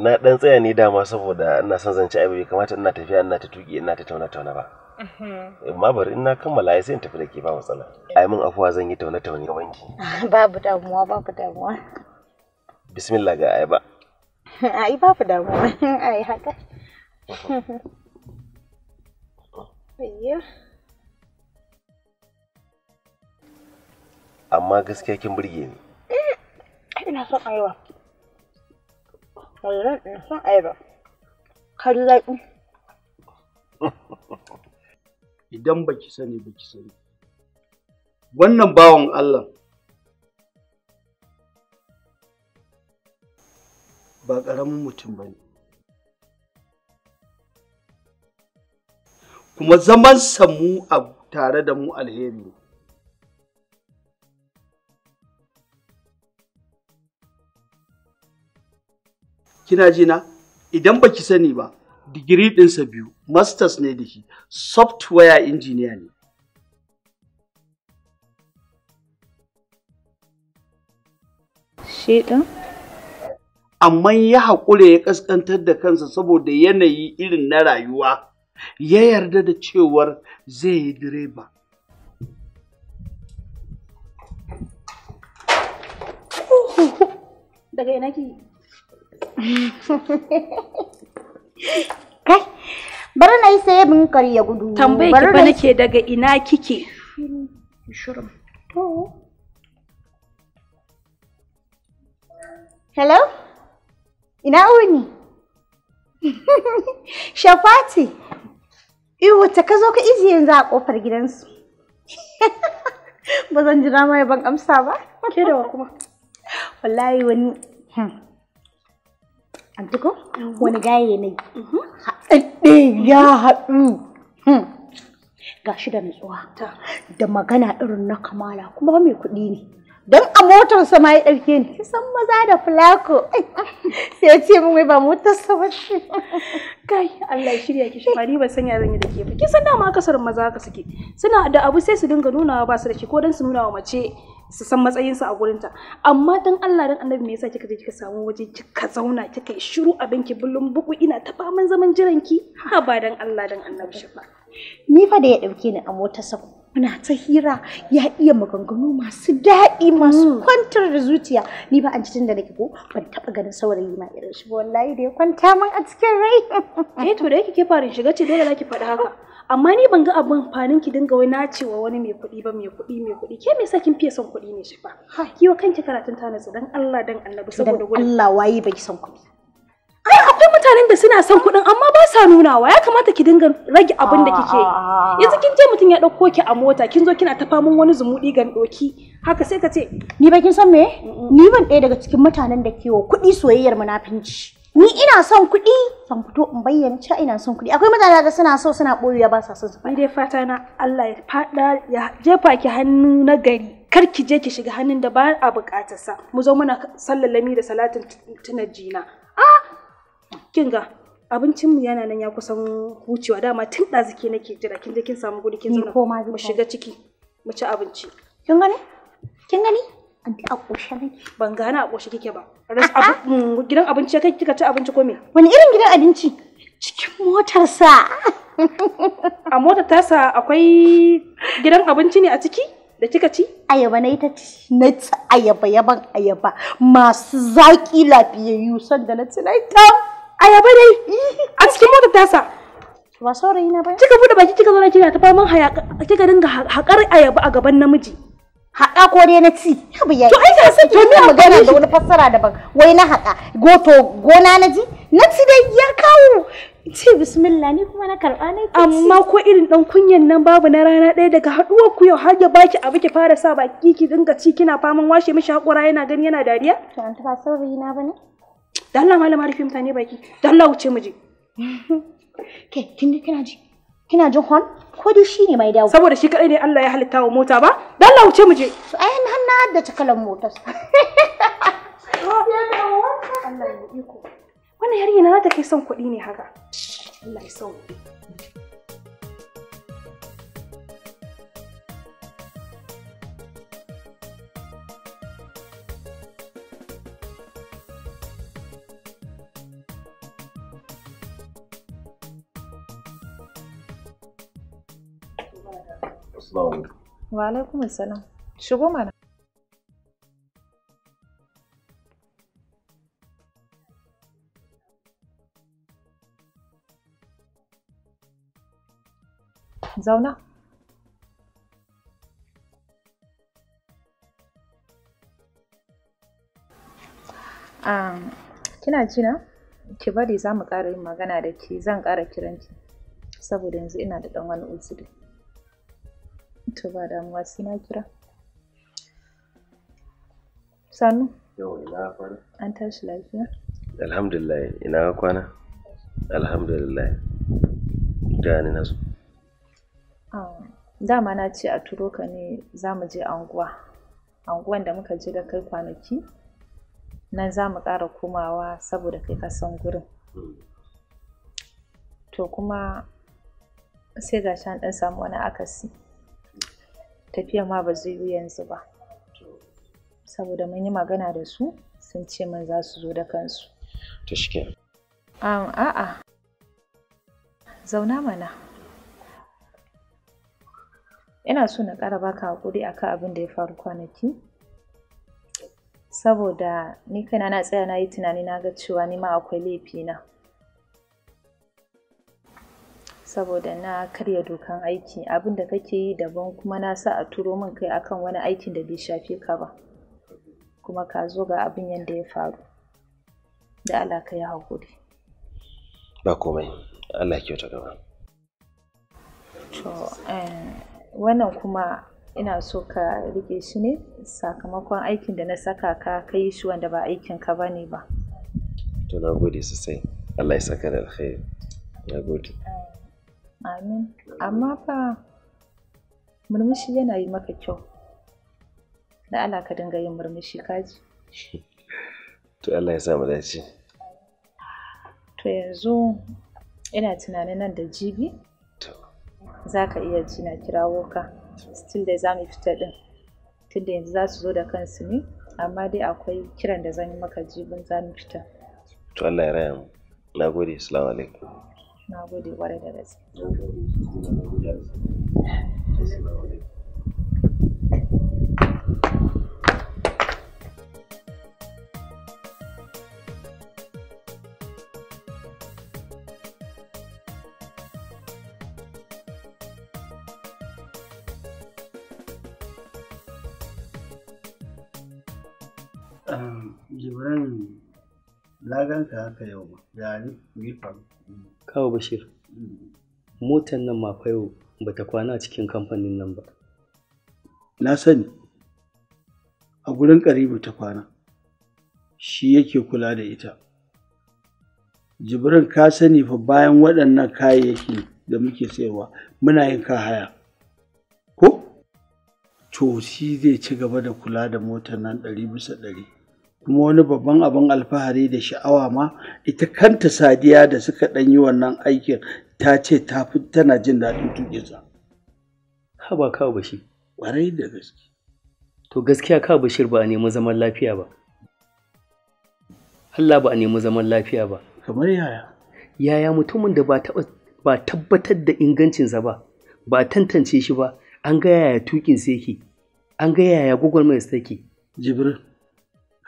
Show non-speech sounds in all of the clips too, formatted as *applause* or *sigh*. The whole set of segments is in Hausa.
na dan tsaya ni dama saboda ina son zance abu bai kamata ina tafiya ina ta tuki ina ta tauna tauna ba mm-hmm. amma bari ina kammala ai sai in tafi da ke ba matsala ai mun afuwa zan yi tauna tauni ga banki *laughs* babu damuwa babu damuwa bismillah ga ai ba *laughs* ai babu damuwa *laughs* ai haka amma gaskiya kin burge ni eh, ina son aiwa Wannan in san ayaba. Kallaɗi. Idan baki sani baki sani. Wannan bawan Allah ba ƙaramin mutum ba ne. Kuma zaman samu tare da mu alheri ne. kina ji na idan baki sani ba digiri ɗinsa biyu masters ne da shi software engineer ne ɗin amma ya haƙure ya ƙasƙantar da kansa saboda yanayi irin na rayuwa ya yarda da cewar zai yi direba daga Kai, bari na yi saye bin ya gudu. Tambayi ki ba ke daga ina kike. Shurum. To. Hello? Ina wuni? *laughs* Shafati. Iwo ta ka zo ka ijiye yanzu a kofar gidansu. *laughs* Ba zan jira ya ban amsa ba. Ke da wa kuma. *laughs* Wallahi wani. Hmm. Antiko? Mhm. Wani gaye ne. Mhm. Haɗaɗɗe ya haɗu. Hmm. Ga shi da nutsuwa. Da magana irin na kamala kuma mai kuɗi ne. Don a motar sama ya ɗauke ni. Kisan maza da fulako. *laughs* Sai ce min wai ba motar sama shi. Kai Allah shirya ki shi ni ban san ya zan yi da ke ba. Kisan dama kasar maza haka suke. Suna da abu sai su dinga nunawa ba su da shi ko don su nuna wa mace su san matsayinsu a gurinta amma dan Allah dan annabi me yasa kika je kika samu waje kika zauna kika shiru a banki bullun buku ina ta faman zaman jiranki ha ba dan Allah dan annabi shi ba ni fa da ya dauke ni a mota sa muna ta hira ya iya maganganu masu daɗi masu mm. kwantar da zuciya ni ba an cikin da nake ko ban taba ganin saurayi ma irin shi wallahi da ya kwanta man a cikin rai eh to da yake ke farin shiga ce dole laki faɗi haka *laughs* amma ni ban ga abin amfanin ki dinga wai cewa wani mai kuɗi ba mai kuɗi mai kuɗi ke me yasa kin fiye son kuɗi ne shi fa ki wa kanki karatun ta nasu dan Allah dan Annabi saboda gurin Allah wayi bai son kuɗi ai akwai mutanen da suna son kuɗin amma ba sa nunawa ya kamata ki dinga rage abin da kike yi ah, ah, ah, yanzu kin je mutum ya ɗauko ki a mota kin zo kina ta faman wani zumudi gan doki haka sai ka ce ni ba kin san me ni ban ɗaya daga cikin mutanen da ke wa kuɗi soyayyar munafinci ni ina son kuɗi zan fito in bayyana cewa ina son kuɗi akwai mutane da suna so suna ya ba sa son su Ni dai fata na Allah ya faɗa ya jefa ki hannu na gari kar ki je ki shiga hannun da ba a buƙatarsa mu zo muna Lami da salatin tunajina ah kin ga abincin mu yana nan ya kusan hucewa dama tun ɗazuke nake jira kin je kin samu gudu kin zo mu shiga ciki mu ci abinci kin gani kin gani Anti a ƙoshe nake. Ban gane a ƙoshe kike ba. Mm, gidan abinci kai kika ci abinci ko me? Wani irin gidan abinci? Cikin motarsa. A motar tasa akwai gidan abinci ne a ciki da kika ci? Ayaba na ita ci. Na ci ayaba yaban ayaba masu zaƙi lafiyayyu sanda na ci na ita. Ayaba dai a cikin motar tasa. Ba saurayi na ba. Kika bude baki kika zo na kina ta faman haya, kika dinga haƙar ayaba a gaban namiji. haɗa ko dai na ci abu yayi to ai ka san to ni magana da wani fassara daban wai na haɗa goto gona na ji na ci dai ya kawo ce bismillah ni kuma na karɓa ne amma ko irin dan kunyan nan babu na rana ɗaya daga haɗuwar ku yau har ya baki abu ki fara sa baki ki dinga ci kina faman washe mishi haƙura yana gani yana dariya to an ta saurayi na bane dan Allah malama rufe mutane baki dan Allah wuce mu je *laughs* ke kin kina ji kina jin hon ko dai shi ne mai dawo saboda shi kadai ne Allah ya halitta wa mota ba dan la wuce mu to ai har na haddace kalan motar *laughs* Allah ya iko wannan yarinya na ta kai son kuɗi ne haka Allah ya sauke Wa Shigo mana. Zauna. kina ji na? Ki bari za mu ƙara yin magana da ke zan ƙara kiranki saboda yanzu ina da ɗan wani uzuri. to ba damuwa sai na kira sanu yau ina kwana an tashi lafiya alhamdulillah ina kwana alhamdulillah gani na zo ah, dama na ce a turo ka ne za mu je anguwa anguwan da muka je da kai kwanaki nan za mu ƙara komawa saboda kai ka san gurin hmm. to kuma sai ga an ɗan samu wani akasi tafiya ma ba zai yi yanzu ba saboda mun yi magana da su sun ce min za su zo da kansu ta shike a'a zauna mana ina so na ƙara baka hakuri akan abin da ya faru kwanaki saboda ni kaina na tsaya na yi tunani na ga cewa ni ma akwai laifi na. saboda na karya dokan aiki abin da kake yi daban kuma na sa a turo min kai akan wani aikin da bai shafe ka ba kuma ka zo ga abin yadda ya faru da Allah ka yi haƙuri ba komai Allah kyauta gaba to eh, wannan kuma ina so ka rike shi ne sakamakon aikin da na saka ka kai yi shi wanda ba aikin ka ba ne ba to na gode sosai Allah ya saka da alkhairi na gode eh, Amin. Amma fa murmushi yana yi maka kyau. Da Allah ka dinga yin murmushi kaji. To Allah ya sa mu dace. To yanzu ina tunanin nan da jibi za ka iya ji na kirawo ka. Still dai za mu fita din. Tunda yanzu za su zo da kansu ne, amma dai akwai kiran da zan yi maka jibin za mu fita. To Allah ya raya mu. Na gode, salamu alaikum. na gode kwarai da gaske Jibrin na ganka haka yau ya ne? Me kawo bashir motar nan ma yau ba ta kwana cikin kamfanin nan ba na sani a gurin karibu ta kwana shi yake kula da ita jibrin ka sani fa bayan waɗannan kayayyaki da muke sayarwa muna yin ka haya ko to shi zai ci gaba da kula da motar nan ɗari bisa ɗari kuma wani babban abin alfahari da sha'awa ma ita kanta sadiya da suka ɗan yi wannan aikin ta ce ta fi tana jin daɗin tuƙinsa. ba kawo bashi. Ƙwarai da gaske. To gaskiya kawo bashir ba a nemi zaman lafiya ba. Allah ba a nemi zaman lafiya ba. Kamar yaya? Yaya mutumin da ba tabbatar da ingancinsa ba, ba tantance shi ba, an ga yaya tuƙinsa yake, an ga yaya gwagwarmayarsa take. Jibril.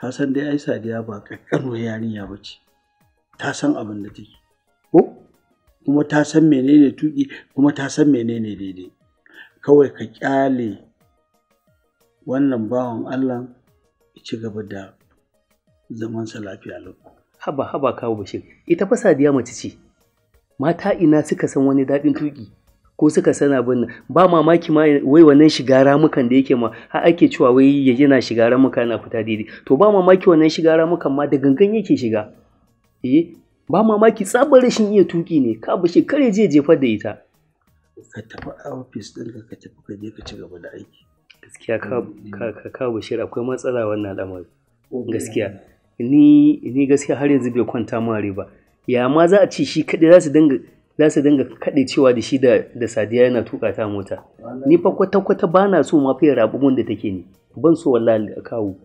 ka san dai ai sadiya ba ƙaƙƙarwar yarinya ba ce ta san abin da take ko kuma ta san menene tuƙi kuma ta san menene daidai kawai ka ƙyale wannan bawan allah ci gaba da zamansa lafiya lau haba haba kawo bashir ita fa sadiya mace ce mata ina suka san wani daɗin tuƙi ko suka sana abin nan ba mamaki ma wai wannan shiga ramukan da yake ma har ake cewa wai yana shiga ramuka yana fita daidai to ba mamaki wannan shiga ramukan ma da gangan yake shiga eh ba mamaki tsabar rashin iya tuki ne ka ba shekare je jefar da ita ka tafi a ofis din ka tafi ka je ka ci gaba da aiki gaskiya ka ka ka bashir akwai matsala wannan al'amari gaskiya ni ni gaskiya har yanzu bai kwanta mare ba ya ma za a ce shi kadai za su dinga za su dinga kaɗe cewa da shi da sadiya yana tuka ta mota ni fa kwata kwata ba na so ma fiye rabu mun da take ni ban so wallahi a kawo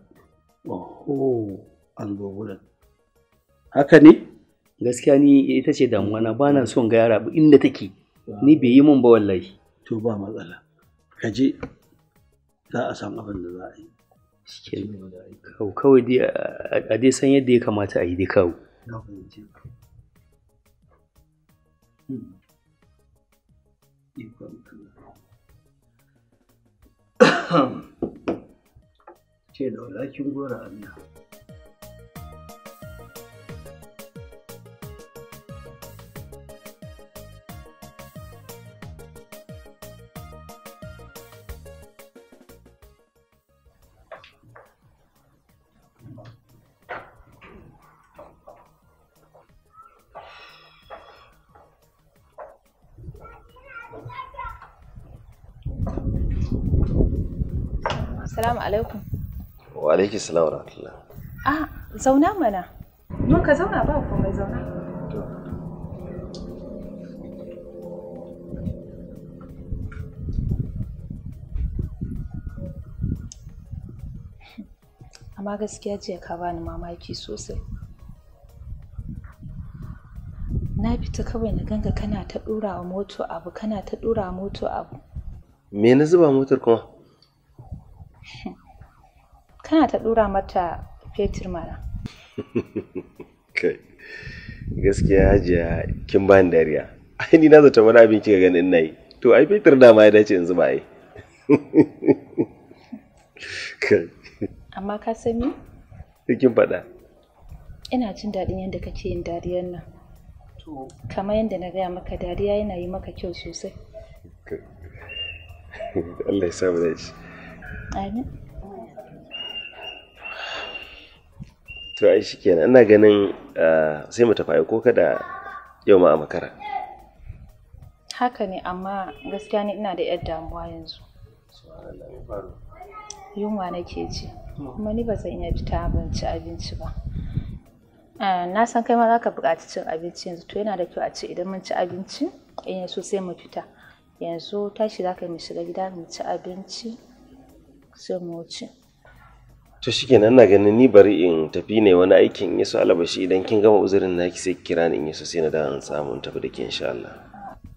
oho an haka ne gaskiya ni ita ce damuwa na ba na son ga yara inda take ni bai yi mun ba wallahi to ba matsala ka je za a san abin da za a yi kawai dai a dai san yadda ya kamata a yi dai kawo ikon ce *coughs* da walakin a miya Assalamu alaikum. Wa alaiki salam wa rahmatullah. Ah, zauna mana. Mun ka zauna ba komai zauna. Amma gaskiya jiya ka bani mamaki sosai. na fita kawai na ganka kana ta ɗora wa moto abu kana ta ɗora wa moto abu me na zuba motar kuma *laughs* kana ta ɗura mata fetur mana *laughs* kai gaskiya hajiya kin ba ni dariya *laughs* ai ni na zata wani abin kika ganin ina yi to ai fetur dama ya dace in zuba ai kai amma ka san me kin faɗa ina jin daɗin yadda kake yin dariyar nan kamar yadda na gaya maka dariya yana yi maka kyau sosai *laughs* Allah ya sa mu dace amin to ai shikenan ina ganin ah, sai mu tafi ko kada yau ma a makara haka ne amma gaskiya ne ina da yar damuwa yanzu yunwa nake ji hmm. kuma ni ba zan iya fita abinci abinci ba Eh, na san kai ma za ka buƙaci cin abinci yanzu to yana da kyau a ce idan mun ci abinci in ya so sai mu fita yanzu tashi za ka mu shiga gida mu ci abinci sai mu wuce to kenan ina ganin ni bari in tafi ne wani aikin yaso alabashi idan kin gama uzurin ki sai kira ni in yaso sai na da an samu in tafi da ke insha Allah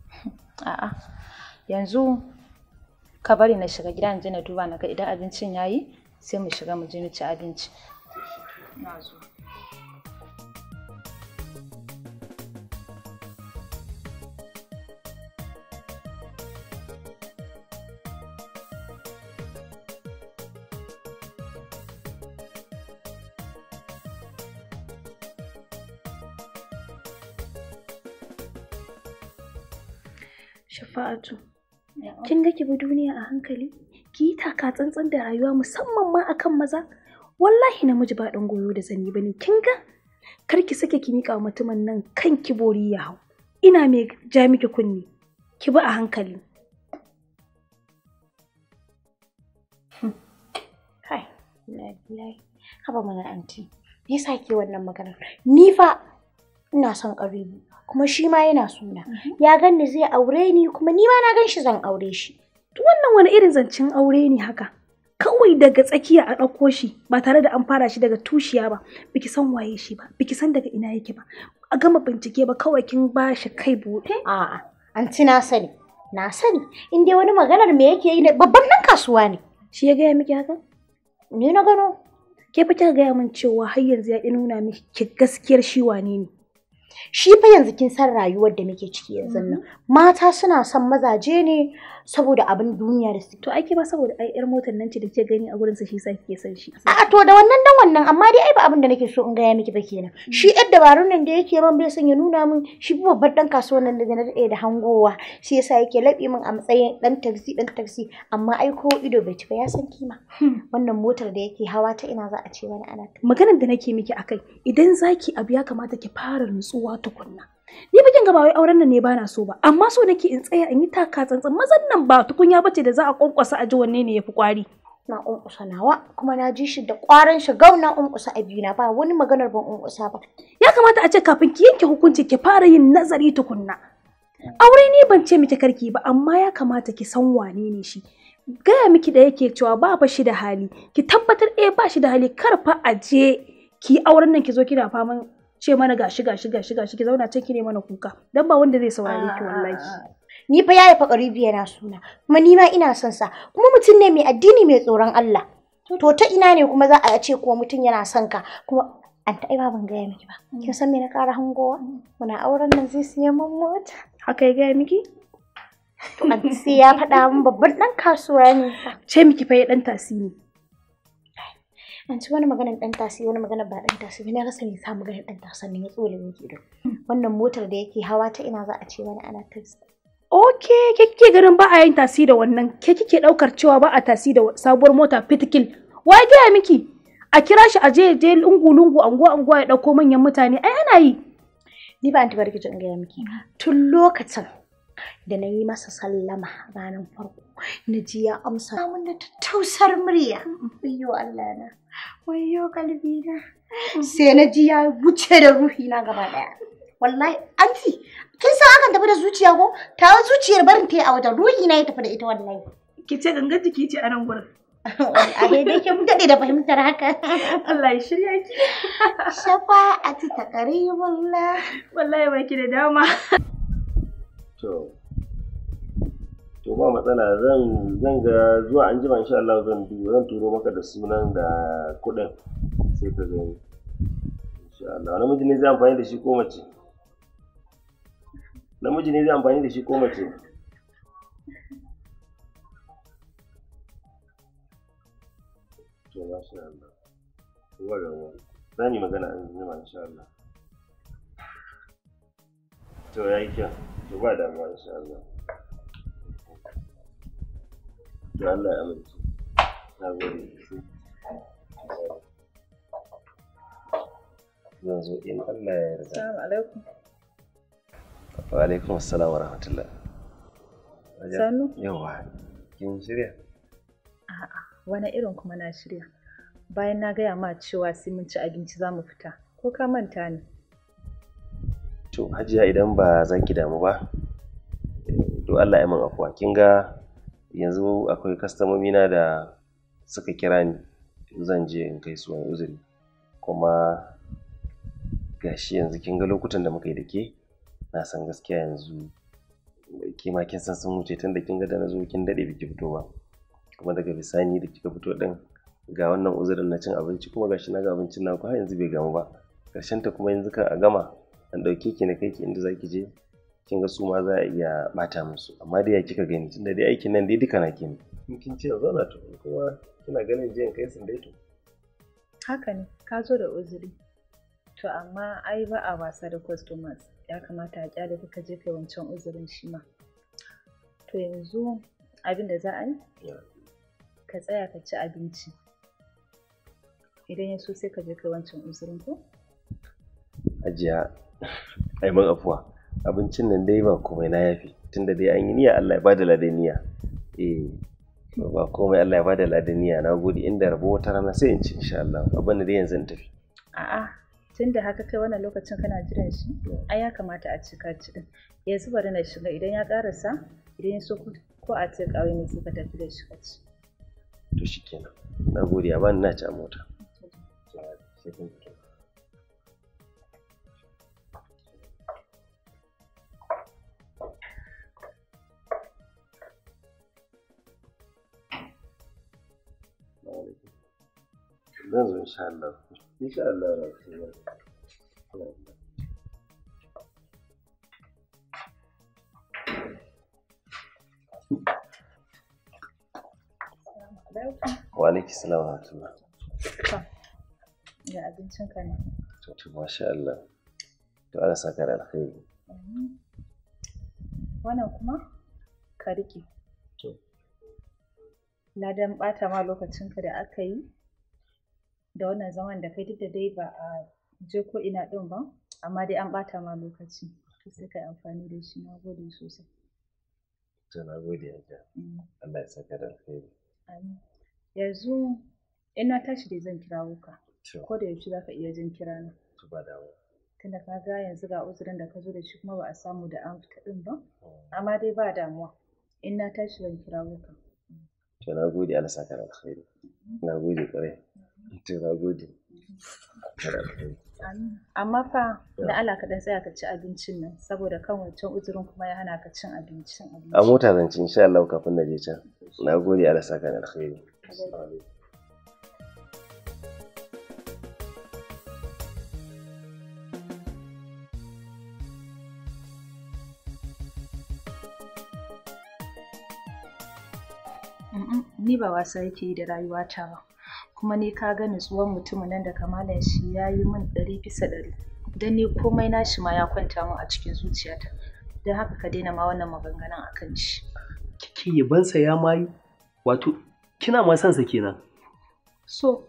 *laughs* a'a yanzu ka bari na shiga gida in je na duba na ga idan abincin yayi sai mu shiga mu je mu ci abinci na zo Shafa'atu. Kin ga ki bi duniya a hankali? Ki yi taka tsantsan da rayuwa musamman ma akan maza. Wallahi namiji ba ɗan goyo da zani bane. Kin ga? Kar ki sake ki miƙa mutumin nan kan ki bori ya hau. Ina mai ja miki kunni. Ki bi a hankali. Hmm. Haba mana anti. Me yasa ke wannan maganar? Ni fa ina son ƙaribi. kuma shi ma yana suna mhm. ya ganni zai aure ni kuma ni ma na gan shi zan aure shi wannan wani irin zancen aure ne haka kawai daga tsakiya a ɗauko shi ba tare da an fara shi daga tushiya ba biki san waye shi ba biki san daga ina yake ba a gama bincike ba kawai kin ba shi kai buɗe a'a ci na sani na sani in dai wani maganar me yake yi ne babban nan kasuwa ne shi ya gaya miki haka ni na gano ke fa kika gaya min cewa har yanzu ya nuna miki gaskiyar shi wane ne shi fa yanzu kin san rayuwar da muke ciki yanzu nan mm-hmm. mata suna son mazaje ne saboda abin duniya da su to ake ba saboda ai yar motar nan ce da ke gani a gurin sa shi sa kike san shi A'a to da wannan dan wannan amma dai ai ba abin da nake so in gaya miki ba kenan hmm. shi yar dabarun nan da yake man bai san ya nuna min shi babban dan kasuwar nan da na dade da hangowa shi yasa yake labe min a matsayin ɗan taxi dan taxi amma ai ko ido bai ci ba ya san kima hmm. wannan motar da yake hawa ta ina za a ce wani ana maganar da nake miki akai idan zaki abu ya kamata ki fara nutsuwa tukunna Ni bikin ga wai auren nan ne bana so ba, amma so nake in tsaya in yi taka tsantsan mazan nan ba tukunya bace da za a kwankwasa a ji wanne ne yafi kwari. Na unkusa nawa kuma na ji shi da kwarin shi gau na unkusa a biyu na ba wani maganar ban unkusa ba. Ya kamata a ce kafin ki yanke hukunci ki fara yin nazari tukunna. Aure ne ban ce miki karki ba amma ya kamata ki san wane ne shi. Gaya miki da yake cewa ba ba shi da hali, ki tabbatar eh ba shi da hali kar fa a je ki auren nan ki zo kina faman ce mana gashi gashi gashi gashi ki zauna can ki ne mana kuka dan ba wanda zai saurare ki wallahi ni fa yayi fa biya na suna kuma ni ma ina son sa kuma mutum ne mai addini mai tsoron Allah to ta ina ne kuma za a ce kuma mutum yana son ka kuma an ta ba ban gaya miki ba mm. kin san me na kara hangowa muna auren nan zai siya mun mota haka ya gaya miki to an sai ya faɗa min babban dan kasuwa ne *laughs* ce miki fa ya dan tasiri an wani maganar ɗan tasi wani maganar ba ɗan tasi na rasa me sa maganar ɗan tasi ne ya tsole min ido wannan motar da yake hawa ta ina za a ce wani ana tasi ok kike ganin ba a yin tasi da wannan ke kike ɗaukar cewa ba a tasi da sabuwar mota fitkil wai gaya miki a kira shi a je je lungu lungu anguwa anguwa ya ɗauko manyan mutane ai ana yi ni ba anti barki gaya miki tun lokacin da na yi masa sallama ranar farko na ji ya amsa mun da tausar murya wayyo Allah na wayo kalbi na sai na ji ya wuce da ruhi na gaba daya wallahi anti kin san akan tafi da zuciya ko ta zuciyar barin ta a wajen ruhi na ya tafi da ita wallahi ki ce gangar jiki ce a nan gurin a daidai ke mun daɗe da fahimtar haka Allah ya shirya ki shafa a ta wallahi. wallahi ba ki da dama to to ba matsala zan zan ga zuwa an jima insha Allah zan zan turo maka da sunan da kuɗin sai ka gani insha Allah namiji ne zai amfani da shi ko mace namiji ne zai amfani da shi ko mace to masha Allah ruwa da ruwa zan yi magana an jima insha Allah to yayi kyau to ba da damuwa insha Allah Allah ya amince na gode zan zo in Allah ya yarda assalamu alaikum wa alaikum assalam wa rahmatullah sanu yawa kin shirya a'a wani irin kuma na shirya bayan na gaya ma cewa sai mun ci abinci za mu fita ko ka manta ni? to hajiya idan ba zan ki damu ba eh, to Allah ya min afuwa kin ga yanzu akwai kastomomi na da suka kira ni zan je in kai su wani uzuri kuma gashi yanzu kin ga lokutan da muka yi da ke na san gaskiya yanzu ke ma kin san sun wuce tun da kin ga da na zo kin daɗe biki fito ba kuma daga bisani da kika fito ɗin ga wannan uzurin na cin abinci kuma gashi na ga abincin naku har yanzu bai gamu ba karshen ta kuma yanzu kan a gama an ɗauke ki na kai ki inda ki je kin ga su ma za a iya bata musu amma dai ya kika gani da dai aikin nan dai duka na kin in kin ce zauna to kuma kina ganin jiyan kai sun to haka ne ka zo da uzuri to amma ai ba a wasa da customers ya kamata a kyale kuka je kai wancan uzurin shi ma to yanzu abin da za a yi ka tsaya ka ci abinci idan ya so sai ka je kai wancan uzurin ko ajiya ai mun afuwa abincin nan dai ba komai na yafi tunda dai an yi niyya Allah ya bada ladaniya eh ba komai Allah ya bada ladaniya na gode inda rabo wata rana sai in ci insha Allah abin da dai yanzu in tafi a'a tunda haka kai wannan lokacin kana jiran shi ai ya kamata a cika ci din yanzu bari na shiga idan ya karasa idan ya so ko a ce kawai ne suka tafi da shi kaci to shikenan na gode amma ina ci a mota Thank you. zan zo insha Allah insha Allah na zo wa alaikum salam wa rahmatullah Ya abincin ka ne to to masha Allah to Allah saka da alkhairi wannan kuma ka rike to ladan bata ma lokacin ka da aka yi da wannan zaman da kai duk da dai ba a je ko ina din ba amma dai an bata ma lokaci sai kai amfani da shi na gode sosai to na gode ya mm. Allah ya saka da alheri amin yanzu in na tashi dai zan kira ka ko da yaushe zaka iya jin kira na to ba dawo tunda ka ga yanzu ga uzurin da ka zo da shi kuma ba a samu da an fita din ba mm. amma dai ba damuwa in na tashi zan kira ka to na gode Allah saka da alheri mm. na gode kwarai to na amma fa da Allah ka dan tsaya ka ci abincin nan saboda kan wancan uzurin kuma ya hana ka cin abincin a mota zan ci insha Allah kafin na je can na gode Allah saka da alkhairi Ni ba wasa yake yi da rayuwata ba. kuma ni ka ga tsuwan mutumin nan da kamalan shi ya yi min ɗari bisa ɗari don ni komai nashi ma ya kwanta min a cikin zuciyata don haka ka daina ma wannan maganganun a kan shi kike yabansa ya mayu wato kina ma san sa kenan so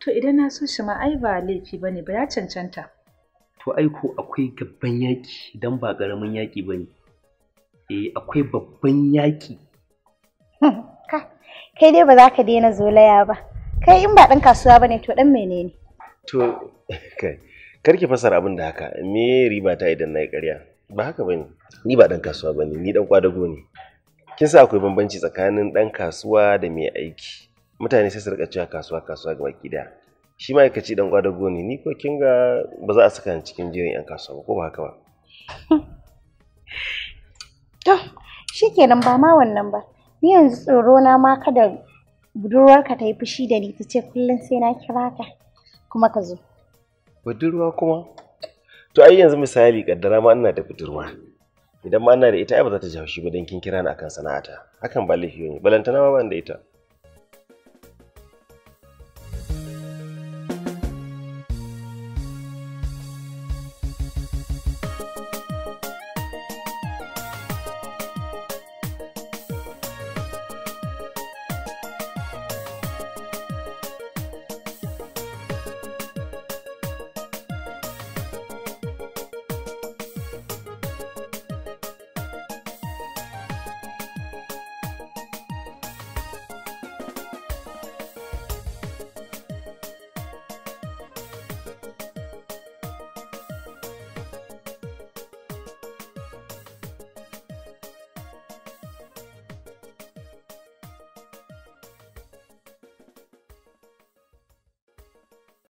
to idan na so shi ma ai ba laifi ba ne. ba ya cancanta to ai ko akwai gabban yaki don ba ƙaramin yaki ne. eh akwai babban yaki *laughs* kai dai ba za ka daina zolaya ba kai in ba ɗan kasuwa bane to ɗan menene to kai karki fasara abin da haka me riba ta idan na yi ƙarya ba haka bane ni ba ɗan kasuwa bane ni ɗan kwadago ne kin sa akwai bambanci tsakanin ɗan kasuwa da mai aiki mutane sai su rika cewa kasuwa kasuwa ga baki daya shi ma'aikaci ɗan kwadago ne ni ko kin ga ba za a saka ni cikin jerin 'yan kasuwa ba ko ba haka ba *laughs* to shikenan ba ma wannan ba ni yanzu tsoro na ma kada budurwarka ta yi fushi da ni ta ce kullum sai na kira ka kuma ka zo budurwa kuma to ai yanzu misali kaddara ma ina da budurwa idan ma ina da ita ai ba za ta ji haushi ba dan kin kira ni akan sana'ata hakan ba laifi ne balantana ma ban da ita